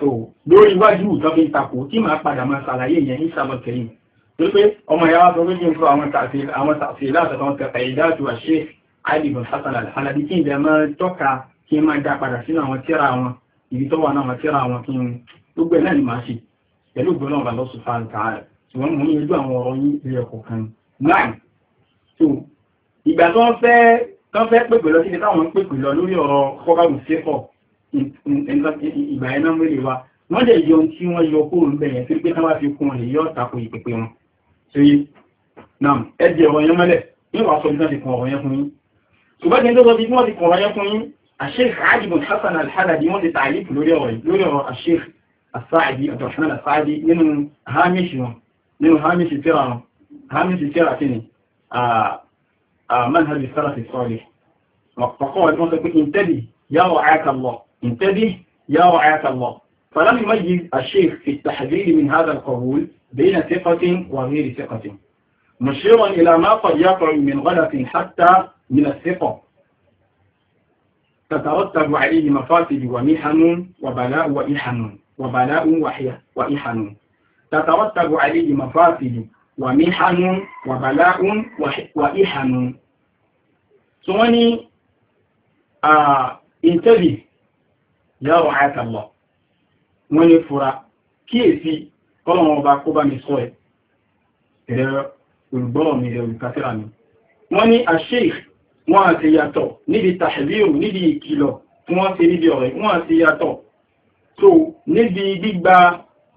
so lórí iwájú ìtọ́fí takò kí máa padà máa ṣàlàyé yẹn ní sábà kẹrin tó pé ọmọ ìyá wa sọ pé kí n fọ àwọn tàfẹ́ látọ̀tọ̀ kẹta ìdájú àṣẹ àìdìbọn sátàlà àlàbí kí ìdẹ máa tọ́ka kí n máa dá padà sínú àwọn tíra wọn ibi tó wà náà wọn tíra wọn kí n gbogbo ẹ̀ náà ni màá ṣe pẹ̀lú ìgbóná ọ̀bà lọ́sùn fáńtà ṣùgbọ́n mo ń yẹjú àwọn ọ̀rọ̀ yín ilé ọkọ̀ kan nine so ìgbà tó ń fẹ́ tán fẹ́ pèpè lọ síbi táwọn ń pèpè lọ lórí ọ̀rọ̀ kọ́kàrùn sẹ́kọ̀ ìgbà ẹ̀nà mẹ́lẹ̀ wa wọ́n dẹ̀ yọ tí wọ́n yọ kó ń bẹ̀yẹ̀ sí pé tán bá fi kún ọ̀rẹ́ yọ tako ìpèpè wọn so yí nam ẹ di ọ̀rọ̀ yẹn mọ́lẹ̀ ní wàá sọ bí wọ́n ti kún ọ̀rọ̀ yẹn fún yín ṣùgbọ́n kí n tó sọ bí wọ́n ti kún ọ̀rọ̀ آه، منهج السلف الصالح فقال انتبه يا رعاك الله انتبه يا رعاك الله فلم يميز الشيخ في التحذير من هذا القبول بين ثقة وغير ثقة مشيرا إلى ما قد يقع من غلط حتى من الثقة تترتب عليه مفاسد ومحن وبلاء وإحن وبلاء وإحن تترتب عليه مفاسد wàmíhánú wàbàláhún wàíhánú so wọ́n ni a ìntẹ́bì yà wà áyàtàlọ́ wọ́n ni fura kíyèsí kọ́lọ̀wọ́n ọba kó bá mi sọ ẹ̀ ẹ̀rẹ́ olùgbọ́rọ̀ mi rẹ̀ olùkátẹ́rà mi wọ́n ni àṣírí wọ́n àti yàtọ̀ níbi tàṣíríò níbi ìkìlọ̀ wọ́n ti níbi ọ̀rẹ́ wọ́n àti yàtọ̀ so níbi gbígba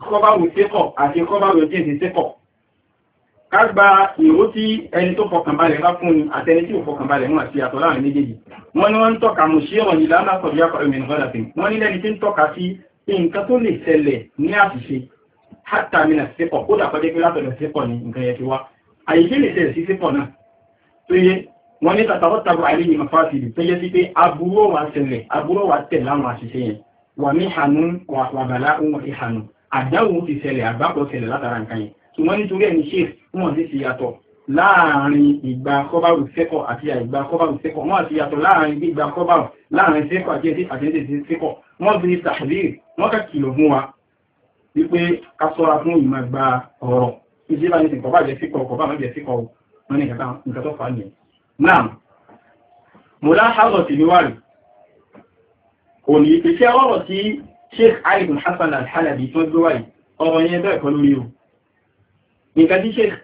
kọ́báwù síkọ̀ àti kọ́báwù jíǹsì síkọ̀ kágbà ìró tí ẹni tó fọkànbalẹ̀ bá fún ni àtẹni tí ò fọkànbalẹ̀ wọn àti àtọ̀ láàrin méjèèjì wọ́n ni wọ́n ń tọ́ka mọ̀ sí ọ̀rọ̀ ìlà alákọ̀ọ́bí akọ̀ ìmìn ìfọ́dàfẹ́ wọ́n ní lẹ́ni tí ń tọ́ka sí nǹkan tó lè ṣẹlẹ̀ ní àṣìṣe hátà ni nǹkan yẹn ti wá àyíṣe lè ṣẹlẹ̀ sí sípọ̀ náà tó yẹ wọ́n ní tàtàwọ́ tàbí àìlèyè mafásìlì tó yẹ sí pé aburú wà ṣẹlẹ̀ aburú wà tẹ̀ láwọn àṣìṣe yẹn wà mí hànú wà bàlá òun ìhànú àdáwò ti ṣẹlẹ̀ àgbákò ṣẹlẹ̀ ṣùgbọ́n nítorí ẹni ṣe wọ́n sì ti yàtọ̀ láàrin ìgbà kọ́bàrù sẹ́kọ̀ àti àìgbà kọ́bàrù sẹ́kọ̀ wọ́n àti yàtọ̀ láàrin gbígbà kọ́bàrù láàrin sẹ́kọ̀ àti ẹ̀sẹ̀ àtẹ́sẹ̀ sẹ́kọ̀ wọ́n fi tàbílì wọ́n kà kìlọ̀ fún wa wípé ká sọ́ra fún ìmọ̀ gba ọ̀rọ̀ ìṣẹ́ bá ní sìn kọ̀bá jẹ́ síkọ̀ kọ̀bá má jẹ́ síkọ̀ wọn ni nǹkan tó fà á nìyẹn. náà mo dá òní ìpèsè ọ̀rọ̀ tí Sheikh Ali bin al-Halabi tó gbé ọ̀rọ̀ yẹn bẹ́ẹ̀ lórí o nǹkan tí sheikh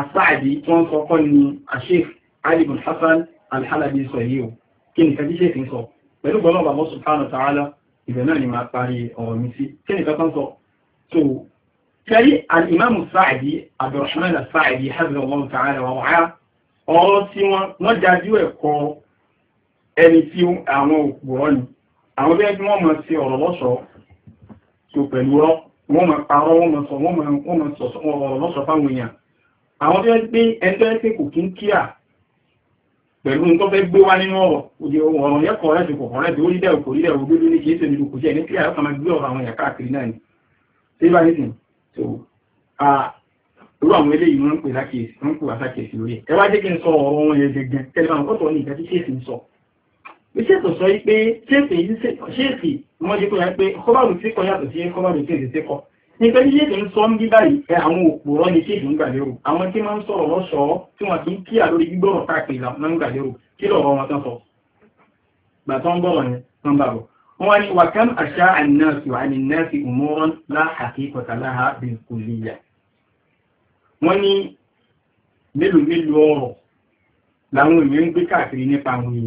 asáàdì tí wọ́n sọ́kọ́ ni sheikh ali bin hassan alhalabi sọ yìí o kí nǹkan tí sheikh ń sọ pẹ̀lú gbọ́nà bàbá subhanahu wa ta'ala ibẹ̀ náà ni máa parí ọ̀rọ̀ mi sí kí nǹkan tán sọ so kẹrí alìmáàmù sáàdì abdulrahman sáàdì hazard allah ta'ala wọ́n ma parọ́ wọ́n ma sọ wọ́n ma ọ̀rọ̀ lọ́sọ̀ fáwọn èèyàn àwọn tó ń gbé ẹjọ́ ẹ̀sẹ̀ kò kí ń kíà pẹ̀lú tó fẹ́ gbé wá nínú ọ̀rọ̀ ọ̀rọ̀ yẹn kọ̀ rẹ̀ ti kọ̀ rẹ̀ ti ó lídẹ̀ òkò lídẹ̀ òkò lídẹ̀ kìí ṣe nílùú kò jẹ́ ní kíà ọkà máa gbé ọ̀rọ̀ àwọn èèyàn káàkiri náà ni ṣé bá ní sìn tó a irú àwọn eléyìí wọ́n ń pè lákèsí wọ́n ń pè wá sákèsí lórí ẹ wá jẹ́ kí n sọ ọ̀rọ̀ wọn yẹn gẹ́gẹ́ kẹ́lẹ́ máa ń kọ́tọ̀ ní ìgbà tí kéèsì ń sọ ìṣètò sọ wípé ṣéèkì yìí ṣéèkì wọ́n jẹ́ kó yá pé kọ́bàrù tí kọ́ yàtọ̀ sí kọ́bàrù tí èdè tí kọ́ nípa ní ṣéèkì ń sọ ń bí báyìí ẹ àwọn òpòrọ́ ni ṣéèkì ń gbàlérò àwọn tí máa ń sọ̀rọ̀ lọ́ṣọ̀ọ́ tí wọ́n kì í kíyà lórí gbígbọ́rọ̀ káàkiri làwọn gbàlérò kí lọ́rọ̀ wọn tán sọ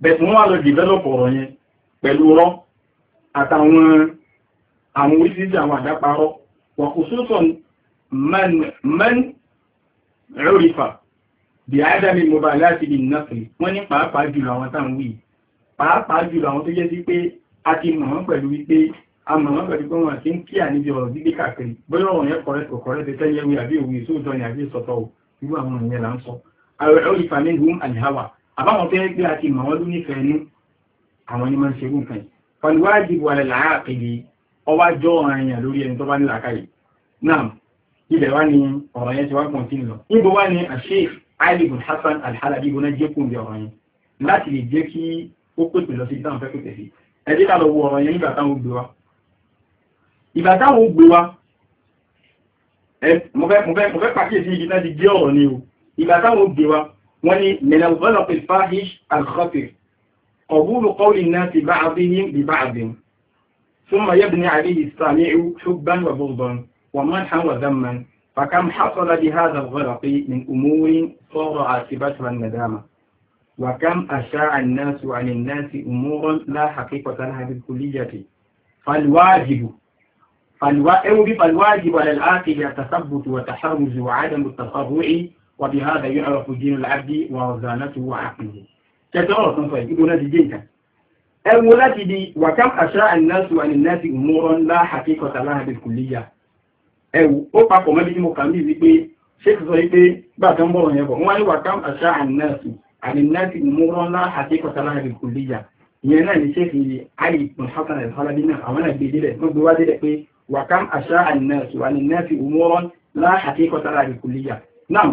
bẹ̀tù wọ́n wá lọ develop ọ̀rọ̀ yẹn pẹ̀lú rọ́ àtàwọn àwọn oríṣiríṣi àwọn àdáparọ́ wà kò sóòtọ̀ man rẹ́rìfà bí ádámi mọba láti bí nọ́sìn wọ́n ní pàápàá jùlọ àwọn táwọn wí pàápàá jùlọ àwọn tó jẹ́ sí pé a ti mọ̀ wọ́n pẹ̀lú wípé a mọ̀ wọ́n pẹ̀lú pé wọ́n ti ń kí à níbi ọ̀rọ̀ gbígbé kàkiri bóyá ọ̀rọ̀ yẹn kọ̀rẹ́ kò ti tẹ́yẹ wí àbí òwe sóòtọ́ ni àbí sọ̀tọ̀ irú àwọn ìyẹn là ń sọ àwọn rẹ́rìfà ní hum àbáwọn tó yẹ pé àti ìmọ̀ wọn ló nífẹ̀ẹ́ ní àwọn ní máa ń ṣerú nǹkan yìí pàlúwájìbò alẹ́ làákìlì ọwá jọ ọ̀ràn èèyàn lórí ẹni tó bá ní làákàyè náà ibẹ̀ wá ní ọ̀rọ̀ yẹn ti wá pọ̀n sí lọ níbo wá ní àṣẹ Ali ibn Hasan al-Halabi ibùn náà jẹ́kùn bí ọ̀rọ̀ yẹn láti lè jẹ́ kí ó pèpè ìgbà táwọn gbé wa mo fẹ́ pàkíyèsí ibi ti gé ọ̀rọ̀ ni o ìgbà táwọn gbé wa وني من الفاحش الخطر قبول قول الناس بعضهم ببعض ثم يبني عليه السامع حبا وبغضا ومنحا وذما فكم حصل بهذا الغلط من أمور صار عاقبتها الندامة وكم أشاع الناس عن الناس أمورا لا حقيقة لها بالكلية فالواجب فالواجب على العاقل التثبت وتحرز وعدم التطرع وبهذا يعرف دين العبد ورزانته وعقله كترى صنفه يقول هذه جيدة المولاتي وكم أشاء الناس وأن الناس أمورا لا حقيقة لها بالكلية ẹ̀wù ó papọ̀ mẹ́bí tí mo kà ní wípé sheik sọ wípé gbàtán bọ̀rọ̀ yẹn bọ̀ wọ́n ní wàkàm àṣà ànínáàsì ànínáàsì múrọ́ ńlá àti kọ̀tàlá àbíkùlíyà ìyẹn náà ní sheik ali muhammad alhalabi náà àwọn náà gbé délẹ̀ wọ́n gbé wá délẹ̀ pé wàkàm àṣà ànínáàsì ànínáàsì múrọ́ ńlá àti kọ̀tàlá àbíkùlíyà náà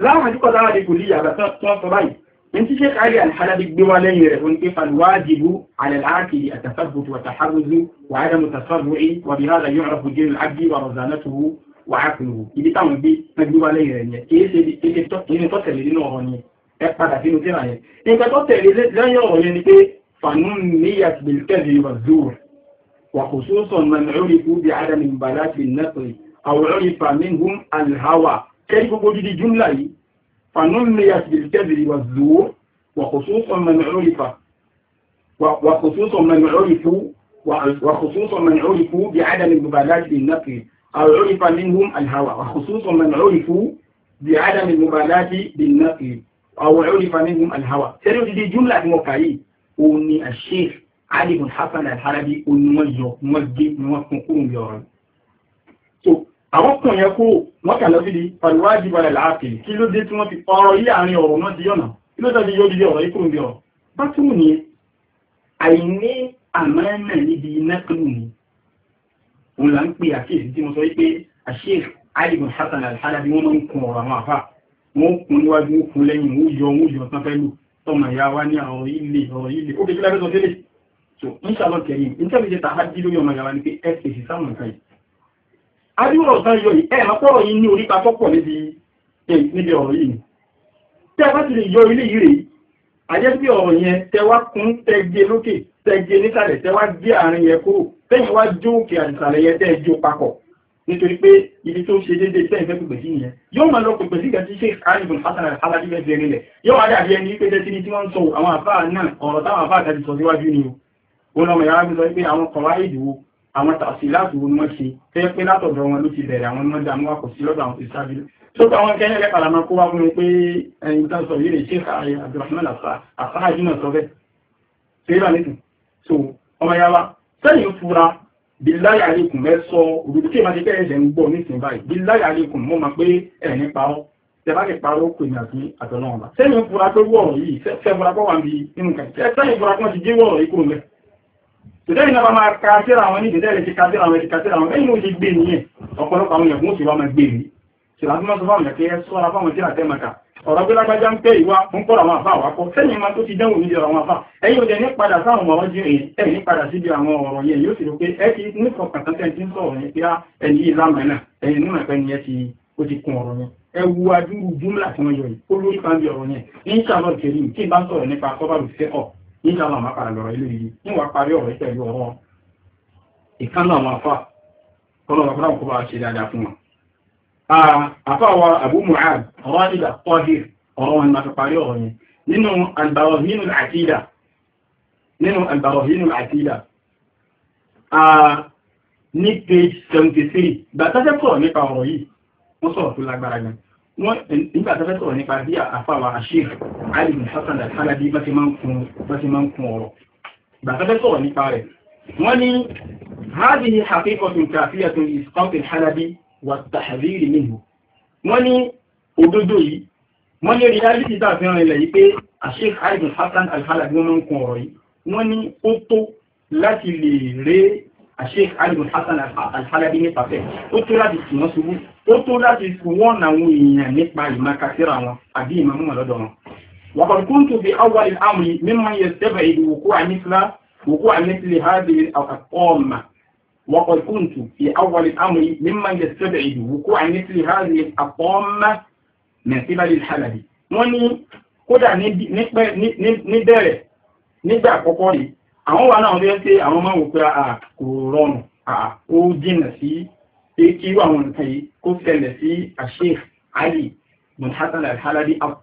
láwọn àdúgbò láwọn àdúgbò lè yàgbà tó ń sọ báyìí in ti ṣe kárí alhalabi gbé wá lẹ́yìn rẹ̀ fún kífà wájibu alàláàkì àtàfàbùtù àtàhàrùzù wà á dámù tàfàrùrí wà bí rádà yóò rọ̀fù jẹ́ àbí wà rọ̀zánátùwú wà á kùnú ibi táwọn gbé na gbé wá lẹ́yìn rẹ̀ yẹn kìí ṣe tó tẹ̀lé nínú ọ̀rọ̀ yẹn ẹ padà sínú tí wà yẹn nǹkan tó tẹ̀lé lẹ́yìn ọ̀rọ̀ yẹn ni pé fanun niyat bil kadhi wa zur wa khususan man urifu bi adam balati nasri aw urifa minhum al hawa kẹ́rí gbogbo dídí júmlà yìí fanúlẹ̀yàtì ìrìkẹ́bìrì wà zuwó wà kòsóòsàn mẹ́rin òrìfú bí adàmì mubalati nafi àrùrìfà minhum alhawa wà kòsóòsàn mẹ́rin òrìfú bí adàmì mubalati bin nafi àrùrìfà alhawa kẹ́rí àwọn kùn yẹn kó wọ́n kà lọ́sí di pàlúwájì balẹ̀ láàkìlì kí ló dé tí wọ́n fi ọ̀rọ̀ yí àárín ọ̀rọ̀ náà ti yọ̀nà ló dàbí yóò dìde ọ̀rọ̀ ikú ń bí bá tún ní àìní àmọ́ẹ́nà níbi iná ni òun là ń pè àkíyèsí tí mo sọ wípé àṣírí alìbùn Hasan al-Halabi wọ́n máa ń kun ọ̀rọ̀ àwọn àfà wọ́n kun níwájú wọ́n kun lẹ́yìn wọ́n yọ wọ́n so inshallah kẹrin nítorí ṣe tàhájí lórí ọmọ ìyá wa ni pé adúrò san yọ ẹ̀ àpọ̀rọ̀ yìí ní oríta tọ́pọ̀ níbi ọ̀rọ̀ yìí tẹ́ bá ti lè yọ ilé yìí rèé àjẹ́ sí ọ̀rọ̀ yẹn tẹwà kún tẹ́gbẹ́ lókè tẹ́gbẹ́ nísàlẹ̀ tẹwà gbé àárín yẹn kúrò tẹ́yìn wá jó òkè àdìsàlẹ̀ yẹn tẹ́ jó papọ̀ nítorí pé ibi tó ṣe déédéé tẹ́yìn fẹ́ pèpè sí yẹn yóò máa lọ pèpè sí ìgbà tí sheikh alibun hasan alhaji fẹ́ fẹ́ rinlẹ̀ yóò wá dàbí ẹni pé tẹ́tí ni tí wọ́n ń sọ àwọn àfáà náà ọ̀rọ̀ táwọn àfáà tẹ́tí sọ síwájú ni o wọn lọmọ yàrá fi sọ pé àwọn kọ̀wá ìdìwò àwọn tàṣí láti wo wọ́n ṣe tẹ́ pé látọ̀dọ̀ wọn ló ti bẹ̀rẹ̀ àwọn ọmọdé àwọn akọ̀ sí lọ́dọ̀ àwọn ìsáájú tó bá wọn kẹ́yẹ́ lẹ́pàá lámọ́ kó wá fún mi pé ẹ̀yìn tán sọ yìí ṣe ààrẹ Abdulrahman àfáàjú náà sọ bẹ́ẹ̀ tó yíra nìkan so ọmọ yàrá sẹ́yìn fura bí láyà lẹ́kùn mẹ́sọ òdòdó kí máa ti kẹ́ ẹ̀ṣẹ̀ ń gbọ́ nísìn báyìí bí láyà lẹ́kùn mọ́ máa pé ẹ̀ tẹ́lẹ̀ ìnáwà máa kàtẹ́rà àwọn onídẹ̀ẹ́lẹ̀ ti kàtẹ́rà àwọn ẹ̀kàtẹ́rà àwọn ẹ̀yìn oṣù gbé ní ẹ̀ ọ̀pọ̀lọpọ̀ àwọn ẹ̀kùn oṣù wa máa gbé ní ṣìlàfímọ́ sọ fáwọn ẹ̀kẹ́ sọ́ra fáwọn tíra tẹ́màkà ọ̀rọ̀ pé lágbàjá ń pẹ́ ìwá ń pọ̀rọ̀ àwọn àfáà wákọ́ sẹ́yìn ma tó ti dẹ́wò ní ọ̀rọ̀ àwọn àfáà ẹ̀yìn òjẹ̀ ní padà sáwọn ọmọ ọjọ́ ẹ̀yìn padà síbi àwọn ọ̀rọ̀ yẹn yóò sì rò pé ẹ ti ní kọ̀ọ̀kan tẹ́ ti ń sọ̀rọ̀ ní pé ah, ẹni ìlànà náà ẹ̀yìn nínú ẹ̀pẹ́ ni ẹ ti ó ti kún ọ̀rọ̀ yẹn ẹwu adúrú júmùlà tí wọ́n yọ yìí ó lórí pàǹdì ọ̀rọ̀ yẹn ní sàlọ̀ kẹrin tí bá ń sọ̀rọ̀ nípa kọ́bàrù fẹ́ ọ̀ nígbà máa máa padà lọ̀rọ̀ ilé yìí níwà parí ọ̀rọ̀ pẹ̀lú ọ̀rọ̀ ìkánà àwọn afá ọlọ́wà fúnra kọba ṣe dáadáa fún wọn afá wa Abu Mu'ad ọ̀rọ̀ nígbà pọ́dì ọ̀rọ̀ wọn máa fi parí ọ̀rọ̀ yẹn nínú albarahinul àkídà nínú 73 gbàtàjẹ́ pọ̀ nípa ọ̀rọ̀ yìí wọ́n sọ̀rọ̀ wọ́n nígbà tó fẹ́ sọ̀rọ̀ nípa bí àfàwà Sheikh Ali bin Hasan al-Halabi bá ti máa ń kun ọ̀rọ̀ ìgbà tó fẹ́ sọ̀rọ̀ nípa rẹ̀ wọ́n ní هذه حقيقة كافية لإسقاط الحلبي والتحذير منه wọ́n ní òdodo yìí wọ́n ní reality tá a fi rìn lẹ̀ yìí pé Sheikh Ali wọ́n máa ń kun ọ̀rọ̀ Sheikh Ali bin Hassan al-Halabi nípa fẹ́. Ó tó láti sùn wọ́n ṣubú. Ó tó láti wọ́n àwọn èèyàn nípa ìmọ̀kasíra wọn àbí ìmọ̀mọ́ lọ́dọ̀ wọn. Waqad kuntu bi awwal al-amri mimman yastabi'u wuqu'a mithla wuqu'a mithli hadhihi al-aqamma. Waqad kuntu bi awwal al-amri mimman yastabi'u wuqu'a mithli hadhihi al-aqamma àwọn wà náà bẹ́ẹ̀ pé àwọn máa wò pé kò rọrùn ó jìnà sí pé kí irú àwọn nǹkan yìí kó ṣẹlẹ̀ sí àṣẹ Ali mùtátàlá al-Halabi